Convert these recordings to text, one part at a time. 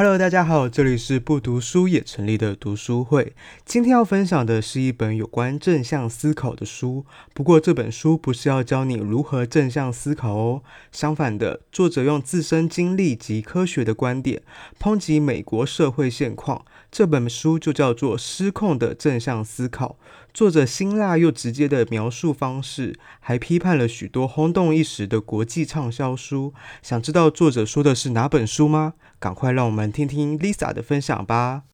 Hello，大家好，這裡是不讀書也成立的讀書會。今天要分享的是一本有關正向思考的書，不過這本書不是要教你如何正向思考哦。相反的，作者用自身經歷及科學的觀點抨擊美國社會現況。這本書就叫做《失控的正向思考》。作者辛辣又直接的描述方式，還批判了許多轟動一時的國際暢銷書。想知道作者說的是哪本書嗎？趕快讓我們聽聽 Lisa 的分享吧。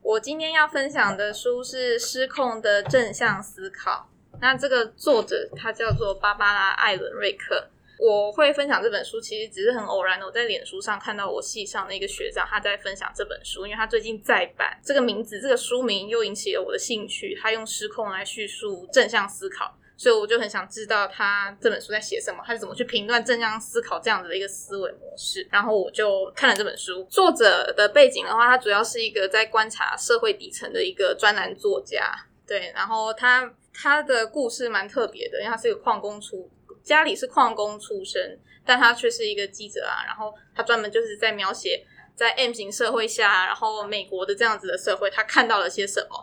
我今天要分享的書是《失控的正向思考》。那這個作者他叫做芭芭拉·艾倫·瑞克，我會分享這本書，其實只是很偶然的，我在臉書上看到我系上的一個學長，他在分享這本書，因為他最近再版，這個名字這個書名又引起了我的興趣。他用失控來敘述正向思考，所以我就很想知道他這本書在寫什麼，他是怎麼去評斷正向思考這樣子的一個思維模式。然後我就看了這本書。作者的背景的話，他主要是一個在觀察社會底層的一個專欄作家，對，然後他。他的故事蠻特別的，因為他是個礦工出，家裡是礦工出身，但他卻是一個記者啊。然後他專門就是在描寫在 M 型社會下，然後美國的這樣子的社會，他看到了些什麼。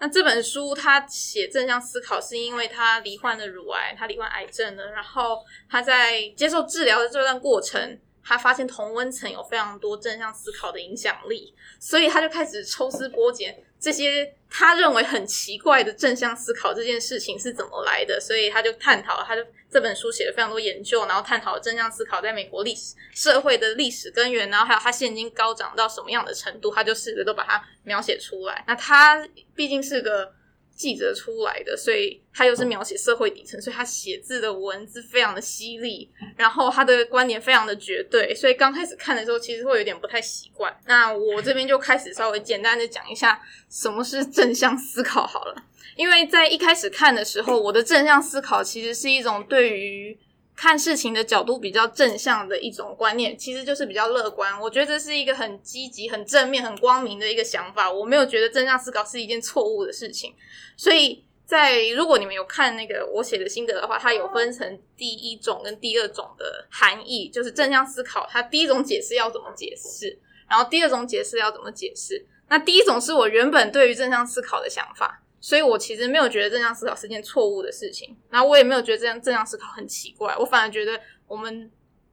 那這本書他寫正向思考，是因為他罹患了乳癌，他罹患癌症了。然後他在接受治療的這段過程，他發現同溫層有非常多正向思考的影響力，所以他就開始抽絲剝繭。這些他認為很奇怪的正向思考這件事情是怎麼來的，所以他就探討，他就這本書寫了非常多研究，然後探討了正向思考在美國歷史、社會的歷史根源，然後還有它現今高漲到什麼樣的程度，他就試着都把它描寫出來。那他畢竟是個。記者出來的，所以他又是描寫社會底層，所以他寫字的文字非常的犀利，然後他的觀點非常的絕對，所以剛開始看的時候其實會有點不太習慣。那我這邊就開始稍微簡單的講一下什麼是正向思考好了，因為在一開始看的時候，我的正向思考其實是一種對於。看事情的角度比較正向的一種觀念，其實就是比較樂觀。我覺得這是一個很積極、很正面、很光明的一個想法。我沒有覺得正向思考是一件錯誤的事情。所以在如果你們有看那個我寫的心得的話，它有分成第一種跟第二種的含義，就是正向思考。它第一種解釋要怎麼解釋，然後第二種解釋要怎麼解釋。那第一種是我原本對於正向思考的想法。所以，我其實沒有覺得正向思考是件錯誤的事情，然後我也沒有覺得這樣正向思考很奇怪，我反而覺得我們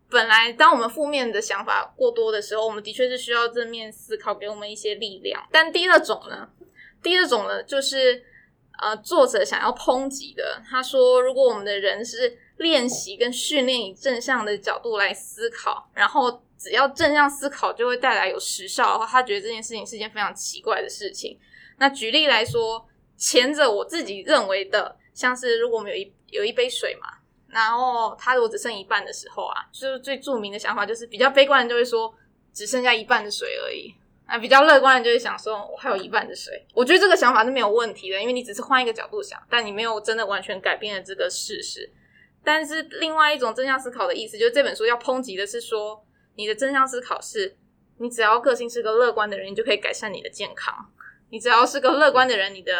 本來當我們負面的想法過多的時候，我們的確是需要正面思考給我們一些力量。但第二種呢，第二種呢，就是呃作者想要抨擊的，他說，如果我們的人是練習跟訓練以正向的角度來思考，然後只要正向思考就會帶來有時效的話，他覺得這件事情是件非常奇怪的事情。那舉例來說。前者我自己認為的，像是如果我們有一有一杯水嘛，然後它如果只剩一半的時候啊，就是最著名的想法就是比較悲觀的，就會說只剩下一半的水而已，啊比較樂觀的就會想說我還有一半的水。我覺得這個想法是沒有問題的，因為你只是換一個角度想，但你沒有真的完全改變了這個事實。但是另外一種正向思考的意思，就是這本書要抨擊的是說，你的正向思考是，你只要個性是個樂觀的人，你就可以改善你的健康；你只要是個樂觀的人，你的。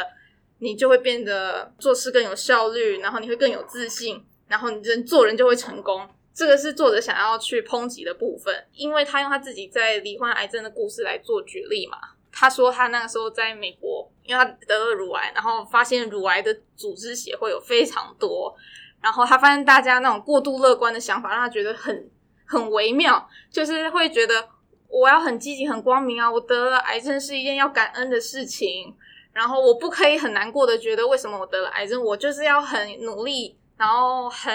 你就會變得做事更有效率，然後你會更有自信，然後你人做人就會成功。這個是作者想要去抨擊的部分，因為他用他自己在罹患癌症的故事來做舉例嘛。他說他那個時候在美國，因為他得了乳癌，然後發現乳癌的組織協會有非常多，然後他發現大家那種過度樂觀的想法讓他覺得很很微妙，就是會覺得我要很積極、很光明啊，我得了癌症是一件要感恩的事情。然後我不可以很難過的覺得為什麼我得了癌症，我就是要很努力，然後很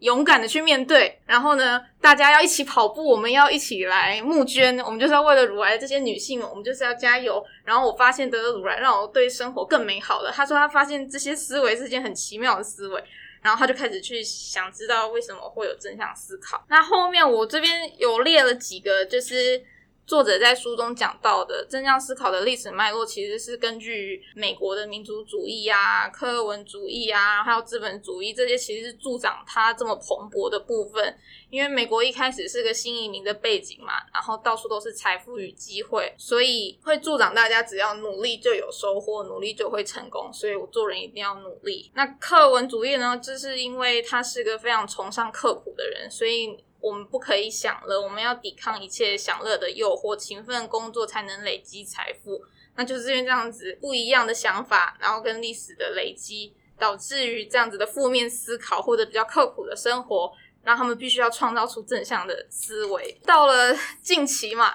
勇敢的去面對。然後呢，大家要一起跑步，我們要一起來募捐，我們就是要為了乳癌這些女性，我們就是要加油。然後我發現得了乳癌，讓我對生活更美好了。他說他發現這些思維是一件很奇妙的思維，然後他就開始去想知道為什麼會有正向思考。那後面我這邊有列了幾個，就是。作者在書中講到的正向思考的歷史脈絡，其實是根據美國的民族主義啊、喀爾文主義啊，還有資本主義這些，其實是助長他這麼蓬勃的部分。因為美國一開始是個新移民的背景嘛，然後到處都是財富與機會，所以會助長大家只要努力就有收穫，努力就會成功。所以我做人一定要努力。那喀爾文主義呢，這、就是因為他是個非常崇尚刻苦的人，所以。我們不可以享樂，我們要抵抗一切享樂的誘惑，勤奮工作才能累積財富。那就是因為這樣子不一樣的想法，然後跟歷史的累積，導致於這樣子的負面思考，或者比較刻苦的生活，讓他們必須要創造出正向的思維。到了近期嘛，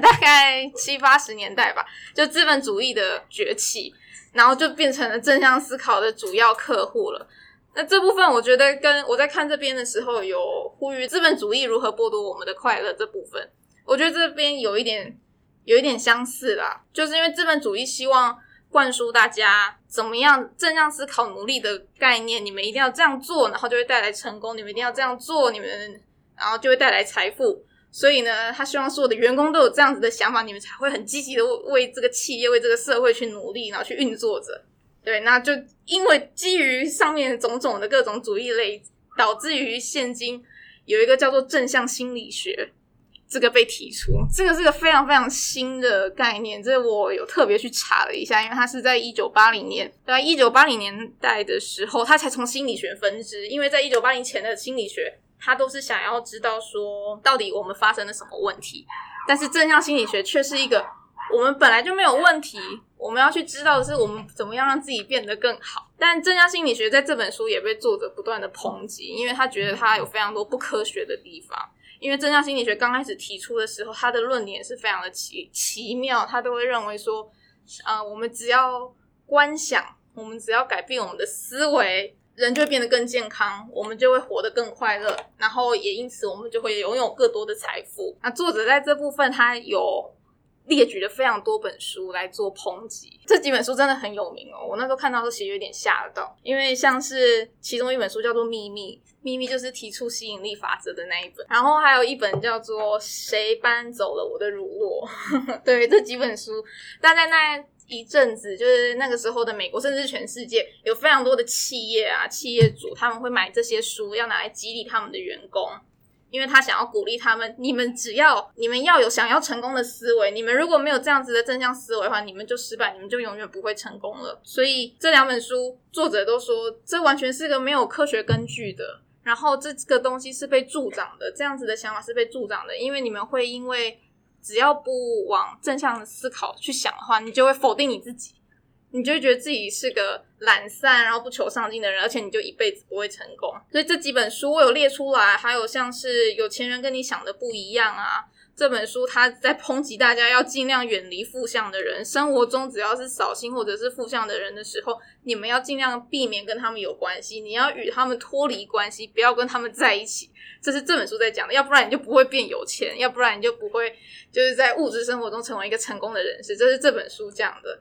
大概七八十年代吧，就資本主義的崛起，然後就變成了正向思考的主要客戶了。那這部分我覺得跟我在看這邊的時候，有呼籲資本主義如何剝奪我們的快樂這部分，我覺得這邊有一點有一點相似啦，就是因為資本主義希望灌輸大家怎麼樣正向思考努力的概念，你們一定要這樣做，然後就會帶來成功，你們一定要這樣做，你們然後就會帶來財富，所以呢，他希望所有的員工都有這樣子的想法，你們才會很積極的為這個企業、為這個社會去努力，然後去運作着。對，那就因為基於上面種種的各種主義類，導致於現今有一個叫做正向心理學，這個被提出，這個是個非常非常新的概念。這個我有特別去查了一下，因為它是在一九八零年，對吧？一九八零年代的時候，它才從心理學分支。因為在一九八零前的心理學，它都是想要知道說到底我們發生了什麼問題，但是正向心理學卻是一個我們本來就沒有問題。我們要去知道的是，我們怎麼樣讓自己變得更好。但正向心理學在這本書也被作者不斷的抨擊，因為他覺得他有非常多不科學的地方。因為正向心理學剛開始提出的時候，他的論點是非常的奇奇妙，他都會認為說，啊、呃，我們只要觀想，我們只要改變我們的思維，人就會變得更健康，我們就會活得更快樂，然後也因此我們就會擁有更多的財富。那作者在這部分，他有。列舉了非常多本書來做抨擊，這幾本書真的很有名哦。我那時候看到的時候其實有點嚇得到，因為像是其中一本書叫做《秘密》，《秘密》就是提出吸引力法則的那一本，然後還有一本叫做《誰搬走了我的乳酪》。對，這幾本書，但在那一陣子，就是那個時候的美國，甚至是全世界，有非常多的企業啊，企業主他們會買這些書，要拿來激勵他們的員工。因為他想要鼓勵他們，你們只要你們要有想要成功的思維，你們如果沒有這樣子的正向思維的話，你們就失敗，你們就永遠不會成功了。所以這兩本書作者都說，這完全是個沒有科學根據的，然後這個東西是被助長的，這樣子的想法是被助長的，因為你們會因為只要不往正向的思考去想的話，你就會否定你自己。你就會覺得自己是個懶散，然後不求上進的人，而且你就一輩子不會成功。所以這幾本書我有列出來，還有像是《有錢人跟你想的不一樣》啊，這本書它在抨擊大家要盡量遠離負向的人，生活中只要是掃興或者是負向的人的時候，你們要盡量避免跟他們有關係，你要與他們脫離關係，不要跟他們在一起。這是這本書在講的，要不然你就不會變有錢，要不然你就不會就是在物質生活中成為一個成功的人士。這是這本書講的。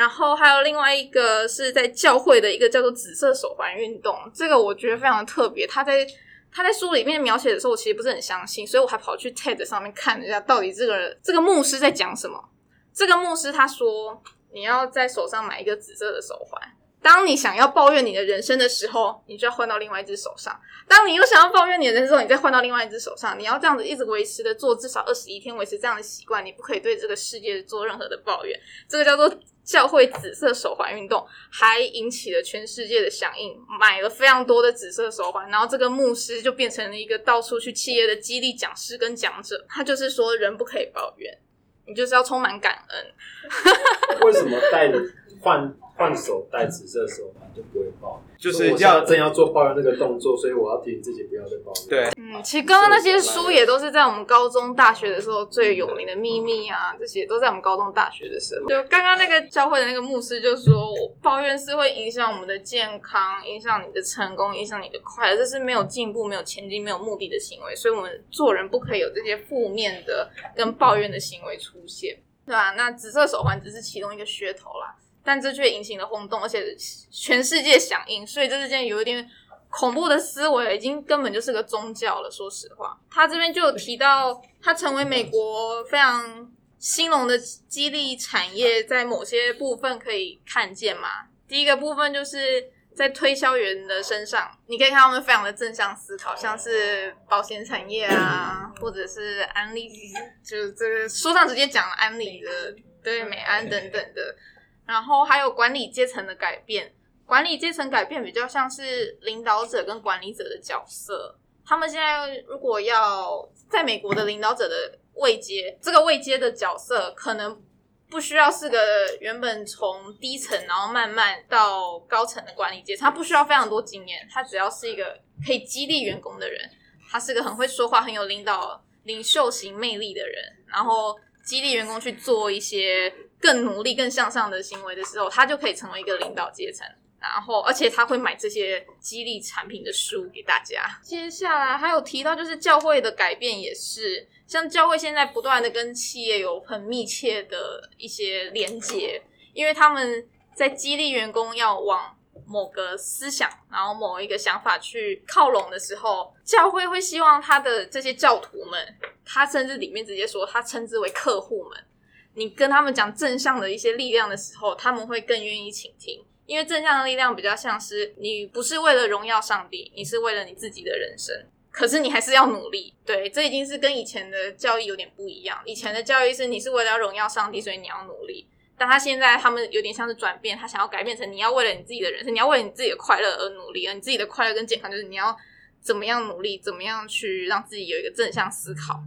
然後還有另外一個是在教會的一個叫做紫色手環運動，這個我覺得非常特別。他在他在書裡面描寫的時候，我其實不是很相信，所以我還跑去 TED 上面看了一下，到底這個人這個牧師在講什麼。這個牧師他說，你要在手上買一個紫色的手環。當你想要抱怨你的人生的時候，你就要換到另外一隻手上。當你又想要抱怨你的人生，你再換到另外一隻手上。你要這樣子一直維持的做，至少二十一天維持這樣的習慣。你不可以對這個世界做任何的抱怨。這個叫做教會紫色手環運動，還引起了全世界的響應，買了非常多的紫色手環。然後這個牧師就變成了一個到處去企業的激勵講師跟講者，他就是說人不可以抱怨，你就是要充滿感恩。為什麼帶你？換換手戴紫色手環就不會抱就是要真要做抱怨這個動作，所以我要提醒自己不要再抱怨。對，嗯，其實剛剛那些書也都是在我們高中、大學的時候最有名的秘密啊，對這些都在我們高中、大學的時候。對就剛剛那個教會的那個牧師就說，抱怨是會影響我們的健康，影響你的成功，影響你的快樂，這是沒有進步、沒有前進、沒有目的的行為。所以，我們做人不可以有這些負面的跟抱怨的行為出現，對吧、啊？那紫色手環只是其中一個噱頭啦。但這卻引起了轟動，而且全世界響應，所以這是件有一點恐怖的思維，已經根本就是個宗教了。說實話，他這邊就有提到，他成為美國非常興隆的激勵產業，在某些部分可以看見嗎？第一個部分就是在推銷員的身上，你可以看他們非常的正向思考，像是保險產業啊， 或者是安利， 就這個書上直接講了安利的 對，美安等等的。然後還有管理階層的改變，管理階層改變比較像是領導者跟管理者的角色。他們現在如果要在美國的領導者的位階，這個位階的角色可能不需要是個原本從低層然後慢慢到高層的管理階層，他不需要非常多經驗，他只要是一個可以激勵員工的人，他是個很會說話、很有領導、領袖型魅力的人，然後激勵員工去做一些。更努力、更向上的行為的時候，他就可以成為一個領導階層。然後，而且他會買這些激勵產品的書給大家。接下來還有提到，就是教會的改變也是，像教會現在不斷的跟企業有很密切的一些連結，因為他們在激勵員工要往某個思想，然後某一個想法去靠攏的時候，教會會希望他的這些教徒們，他甚至裡面直接說，他稱之為客戶們。你跟他們講正向的一些力量的時候，他們會更願意傾聽，因為正向的力量比較像是你不是為了榮耀上帝，你是為了你自己的人生，可是你還是要努力。對，這已經是跟以前的教育有點不一樣。以前的教育是你是為了要榮耀上帝，所以你要努力。但他現在他們有點像是轉變，他想要改變成你要為了你自己的人生，你要為你自己的快樂而努力，而你自己的快樂跟健康就是你要怎麼樣努力，怎麼樣去讓自己有一個正向思考。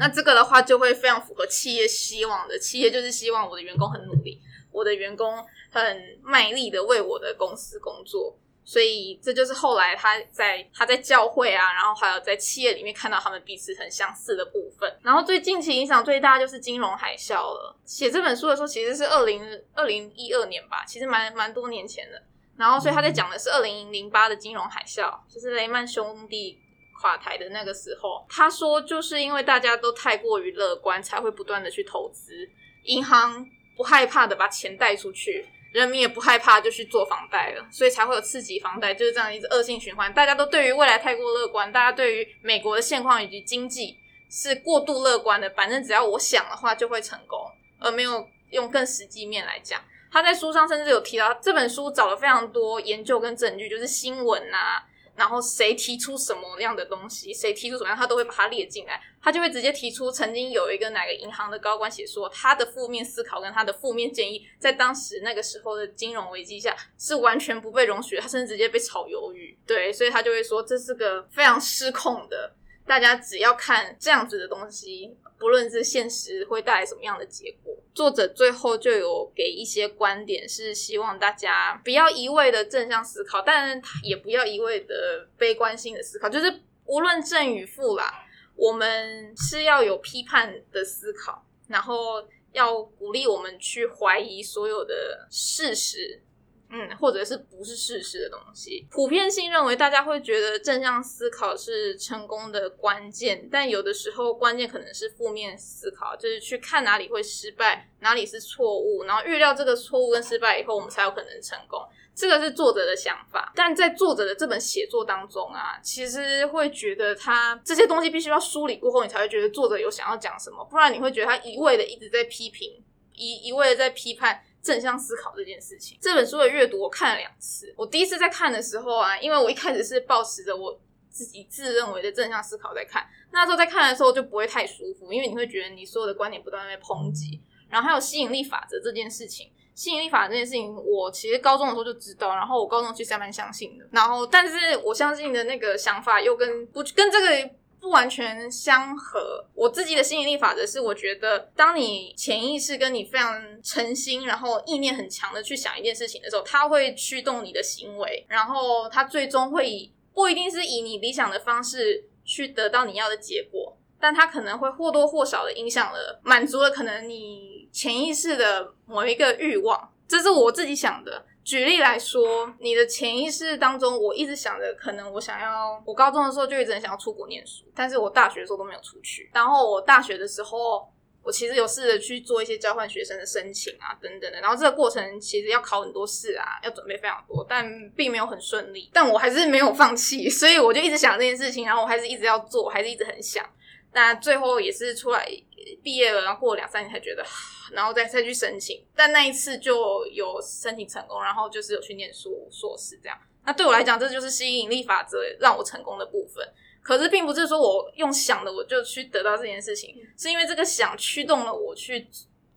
那這個的話就會非常符合企業希望的，企業就是希望我的員工很努力，我的員工很賣力的為我的公司工作，所以這就是後來他在他在教會啊，然後還有在企業裡面看到他們彼此很相似的部分。然後最近期影響最大就是金融海嘯了。寫這本書的時候其實是二零二零一二年吧，其實蠻蠻多年前的。然後所以他在講的是二零零八的金融海嘯，就是雷曼兄弟。垮台的那個時候，他說就是因為大家都太過於樂觀，才會不斷的去投資，銀行不害怕的把錢貸出去，人民也不害怕就去做房貸了，所以才會有刺激房貸，就是這樣一直惡性循環。大家都對於未來太過樂觀，大家對於美國的現況以及經濟是過度樂觀的。反正只要我想的話就會成功，而沒有用更實際面來講。他在書上甚至有提到，這本書找了非常多研究跟證據，就是新聞吶、啊，然後誰提出什麼樣的東西，誰提出什麼樣，他都會把它列進來。他就會直接提出，曾經有一個哪個銀行的高官寫說，他的負面思考跟他的負面建議，在當時那個時候的金融危機下是完全不被容許，他甚至直接被炒魷魚。對，所以他就會說這是個非常失控的。大家只要看這樣子的東西，不論是現實會帶來什麼樣的結果，作者最後就有給一些觀點，是希望大家不要一味的正向思考，但也不要一味的悲觀性的思考，就是無論正與負啦，我們是要有批判的思考，然後要鼓勵我們去懷疑所有的事實。嗯，或者是不是事實的東西，普遍性認為大家會覺得正向思考是成功的關鍵，但有的時候關鍵可能是負面思考，就是去看哪裡會失敗，哪裡是錯誤，然後預料這個錯誤跟失敗以後，我們才有可能成功。這個是作者的想法，但在作者的這本寫作當中啊，其實會覺得他這些東西必須要梳理過後，你才會覺得作者有想要講什麼，不然你會覺得他一味的一直在批評，一一味的在批判。正向思考這件事情，這本書的閱讀我看了兩次。我第一次在看的時候啊，因為我一開始是抱持着我自己自認為的正向思考在看，那時候在看的時候就不會太舒服，因為你會覺得你所有的觀點不斷被抨擊。然後還有吸引力法則這件事情，吸引力法則這件事情，我其實高中的時候就知道，然後我高中其實還蠻相信的。然後，但是我相信的那個想法又跟不跟這個。不完全相合。我自己的吸引力法則是，我覺得當你潛意識跟你非常誠心，然後意念很強的去想一件事情的時候，它會驅動你的行為，然後它最終會以不一定是以你理想的方式去得到你要的結果，但它可能會或多或少的影響了，滿足了可能你潛意識的某一個慾望。這是我自己想的。舉例來說，你的潛意識當中，我一直想着，可能我想要，我高中的時候就一直很想要出國念書，但是我大學的時候都沒有出去。然後我大學的時候，我其實有試着去做一些交換學生的申請啊，等等的。然後這個過程其實要考很多試啊，要準備非常多，但並沒有很順利。但我還是沒有放棄，所以我就一直想這件事情，然後我還是一直要做，我還是一直很想。那最後也是出來畢業了，然後過兩三年才覺得，然後再再去申請，但那一次就有申請成功，然後就是有去念書碩士這樣。那對我來講，這就是吸引力法則讓我成功的部分。可是並不是說我用想的我就去得到這件事情，是因為這個想驅動了我去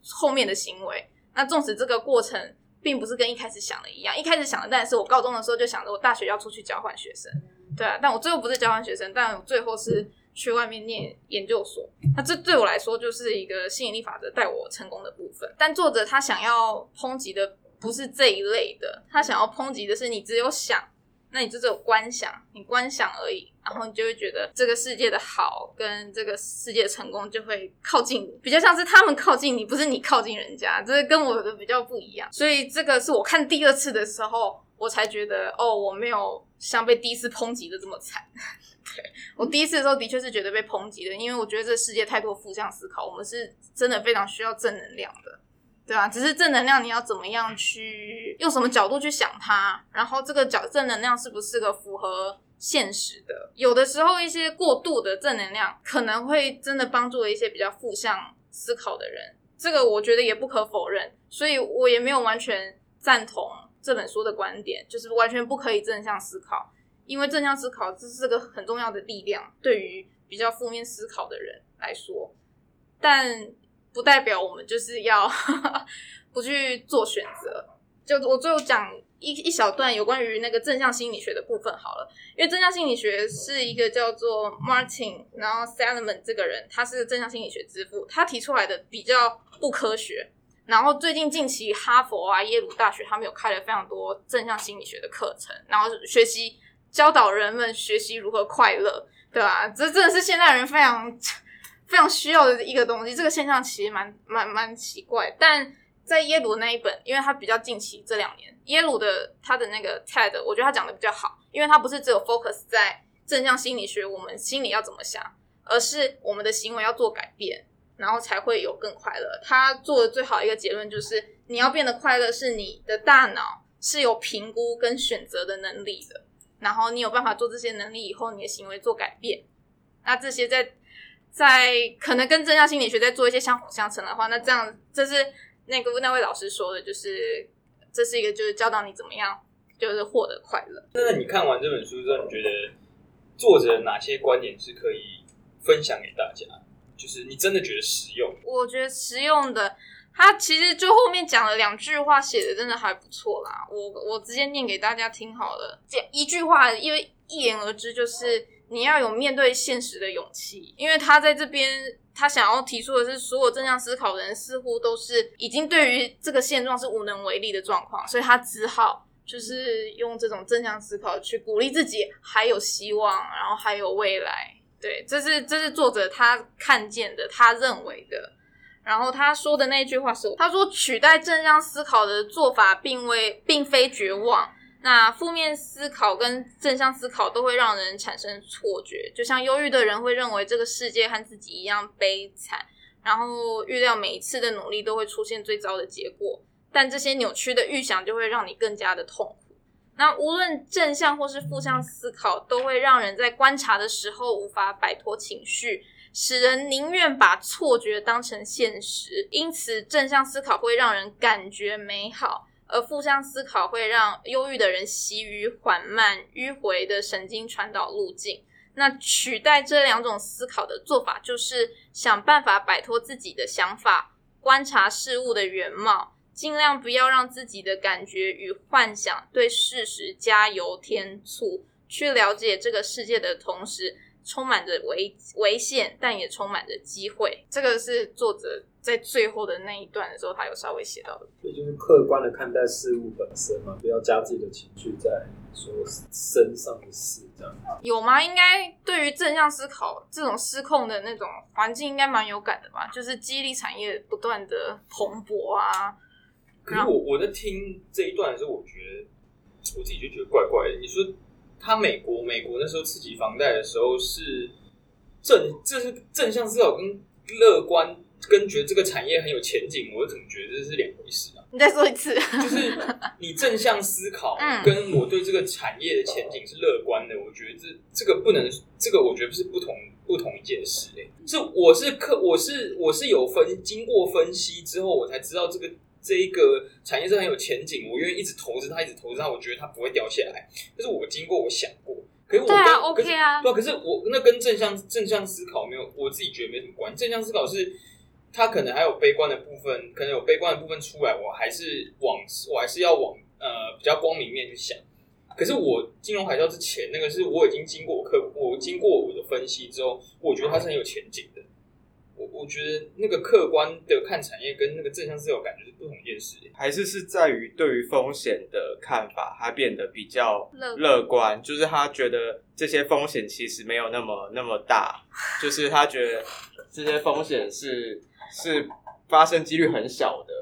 後面的行為。那縱使這個過程並不是跟一開始想的一樣，一開始想的，但是我高中的時候就想着我大學要出去交換學生，對啊，但我最後不是交換學生，但我最後是。去外面念研究所，那這對我來說就是一個吸引力法則帶我成功的部分。但作者他想要抨擊的不是這一類的，他想要抨擊的是你只有想，那你就只有觀想，你觀想而已，然後你就會覺得這個世界的好跟這個世界的成功就會靠近你，比較像是他們靠近你，不是你靠近人家，這是跟我的比較不一樣。所以這個是我看第二次的時候，我才覺得哦，我沒有像被第一次抨擊的這麼慘。對，我第一次的時候的確是覺得被抨擊的，因為我覺得這世界太多負向思考，我們是真的非常需要正能量的，對吧？只是正能量你要怎麼樣去用什麼角度去想它，然後這個正正能量是不是個符合現實的？有的時候一些過度的正能量可能會真的幫助了一些比較負向思考的人，這個我覺得也不可否認，所以我也沒有完全贊同這本書的觀點，就是完全不可以正向思考。因為正向思考這是個很重要的力量，對於比較負面思考的人來說，但不代表我們就是要哈哈，不去做選擇。就我最後講一一小段有關於那個正向心理學的部分好了，因為正向心理學是一個叫做 Martin 然後 Seligman 這個人，他是正向心理學之父，他提出來的比較不科學。然後最近近期哈佛啊耶魯大學他們有開了非常多正向心理學的課程，然後學習。教導人們學習如何快樂，對吧？這真的是現代人非常非常需要的一個東西。這個現象其實蠻蠻蠻奇怪。但在耶魯那一本，因為它比較近期這兩年，耶魯的他的那個 TED，我覺得他講的比較好，因為他不是只有 focus 在正向心理學，我們心裡要怎麼想，而是我們的行為要做改變，然後才會有更快樂。他做的最好的一個結論就是，你要變得快樂，是你的大腦是有評估跟選擇的能力的。然後你有辦法做這些能力以後，你的行為做改變，那這些在在可能跟正向心理學在做一些相輔相成的話，那這樣這是那個那位老師說的，就是這是一個就是教導你怎麼樣就是獲得快樂。那你看完這本書之後，你覺得作者哪些觀點是可以分享給大家？就是你真的覺得實用？我覺得實用的。他其實就後面講了兩句話，寫得真的還不錯啦。我我直接念給大家聽好了。這一句話，因為一言而知，就是你要有面對現實的勇氣。因為他在這邊，他想要提出的是，所有正向思考的人似乎都是已經對於這個現狀是無能為力的狀況，所以他只好就是用這種正向思考去鼓勵自己還有希望，然後還有未來。對，這是這是作者他看見的，他認為的。然後他說的那句話是：“他說，取代正向思考的做法並，並未並非絕望。那負面思考跟正向思考都會讓人產生錯覺，就像憂鬱的人會認為這個世界和自己一樣悲慘，然後預料每一次的努力都會出現最糟的結果。但這些扭曲的預想就會讓你更加的痛苦。那無論正向或是負向思考，都會讓人在觀察的時候無法擺脫情緒。”使人寧願把錯覺當成現實，因此正向思考會讓人感覺美好，而負向思考會讓憂鬱的人習於緩慢迂回的神經傳導路徑。那取代這兩種思考的做法，就是想辦法擺脫自己的想法，觀察事物的原貌，盡量不要讓自己的感覺與幻想對事實加油添醋，去了解這個世界的同時。充滿着危危險，但也充滿着機會。這個是作者在最後的那一段的時候，他有稍微寫到的。所以就是客觀的看待事物本身嘛，不要加自己的情緒在說身上的事，這樣。有嗎？應該對於正向思考這種失控的那種環境，應該蠻有感的吧？就是激勵產業不斷的蓬勃啊。可是我我在聽這一段的時候，我覺得我自己就覺得怪怪的。你說？他美國，美國那時候刺激房貸的時候是正，這是正向思考跟樂觀，跟覺得這個產業很有前景，我就怎麼覺得這是兩回事啊？你再說一次，就是你正向思考，跟我對這個產業的前景是樂觀的， 我覺得這這個不能，這個我覺得不是不同不同一件事、欸，哎，是我是客，我是我是有分經過分析之後，我才知道這個。這一個產業是很有前景，我願意一直投資它，一直投資它，我覺得它不會掉下來。但是我經過，我想過，可是我跟，對啊跟，OK 啊，對啊，可是我那跟正向正向思考沒有，我自己覺得沒什麼關係。正向思考是它可能還有悲觀的部分，可能有悲觀的部分出來，我還是往我還是要往呃比較光明面去想。可是我金融海嘯之前那個是我已經經過我客我經過我的分析之後，我覺得它是很有前景的。嗯我我覺得那個客觀的看產業跟那個正向思考感覺是不同一件事，還是是在於對於風險的看法，他變得比較樂觀，樂的就是他覺得這些風險其實沒有那麼那麼大，就是他覺得這些風險是是發生幾率很小的。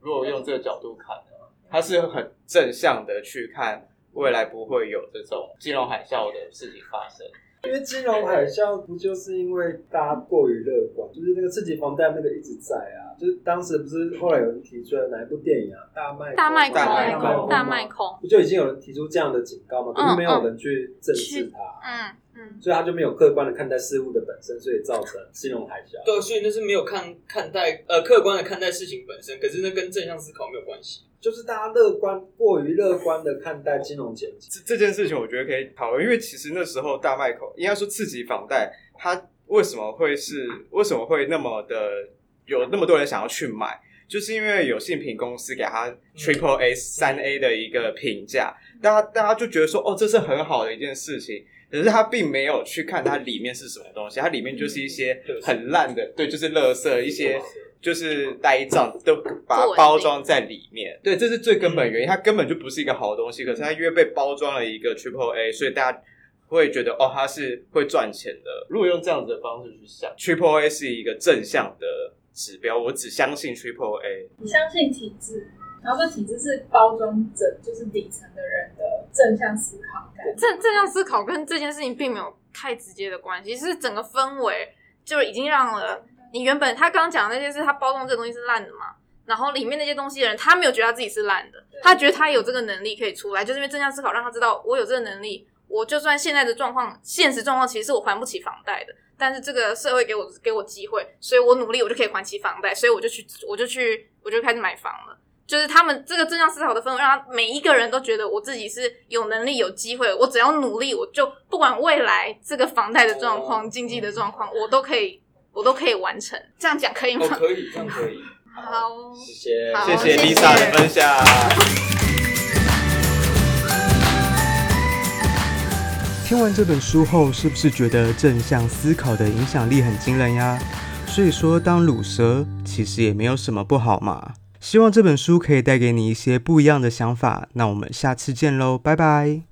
如果用這個角度看的話，他是很正向的去看未來不會有這種金融海嘯的事情發生。因為金融海嘯不就是因為大家過於樂觀，就是那個刺激房貸那個一直在啊，就是當時不是後來有人提出來哪一部電影啊，大賣空大賣空大賣空，不就已經有人提出這樣的警告嗎？嗯、可是沒有人去正視它，嗯嗯，嗯所以他就沒有客觀的看待事物的本身，所以造成金融海嘯。對，所以那是沒有看看待呃客觀的看待事情本身，可是那跟正向思考沒有關係。就是大家樂觀，過於樂觀的看待金融減、哦，這這件事情，我覺得可以討論。因為其實那時候大麥口，應該說次級房貸，它為什麼會是為什麼會那麼的有那麼多人想要去買，就是因為有信評公司給他 triple A 三 A 的一個評價，大家大家就覺得說，哦，這是很好的一件事情，可是他並沒有去看它裡面是什麼東西，它裡面就是一些很爛的，嗯就是、對，就是垃圾一些。就是呆帳都把它包裝在裡面，對,對，這是最根本原因。嗯、它根本就不是一個好東西，可是它因為被包裝了一個 triple A，所以大家會覺得哦，它是會賺錢的。如果用這樣子的方式去想，triple A 是一個正向的指標。我只相信 triple A，你相信體制，然後這體制是包裝着就是底層的人的正向思考。正正向思考跟這件事情並沒有太直接的關係，是整個氛圍就已經讓了。你原本他剛剛講的那些，是他包裝這個東西是爛的嘛？然後裡面那些東西的人，他沒有覺得他自己是爛的，他覺得他有這個能力可以出來，就是因為正向思考讓他知道我有這個能力。我就算現在的狀況，現實狀況其實是我還不起房貸的，但是這個社會給我給我機會，所以我努力我就可以還起房貸，所以我就去，我就去，我就去，我就開始買房了。就是他們這個正向思考的氛圍，讓他每一個人都覺得我自己是有能力有機會，我只要努力，我就不管未來這個房貸的狀況、oh. 經濟的狀況，我都可以。我都可以完成，這樣講可以嗎？哦，可以，這樣可以。好，好好謝謝，好謝謝 Lisa 的分享。謝謝。聽完這本書後，是不是覺得正向思考的影響力很驚人呀？所以說當，當魯蛇其實也沒有什麼不好嘛。希望這本書可以帶給你一些不一樣的想法。那我們下次見嘍，拜拜。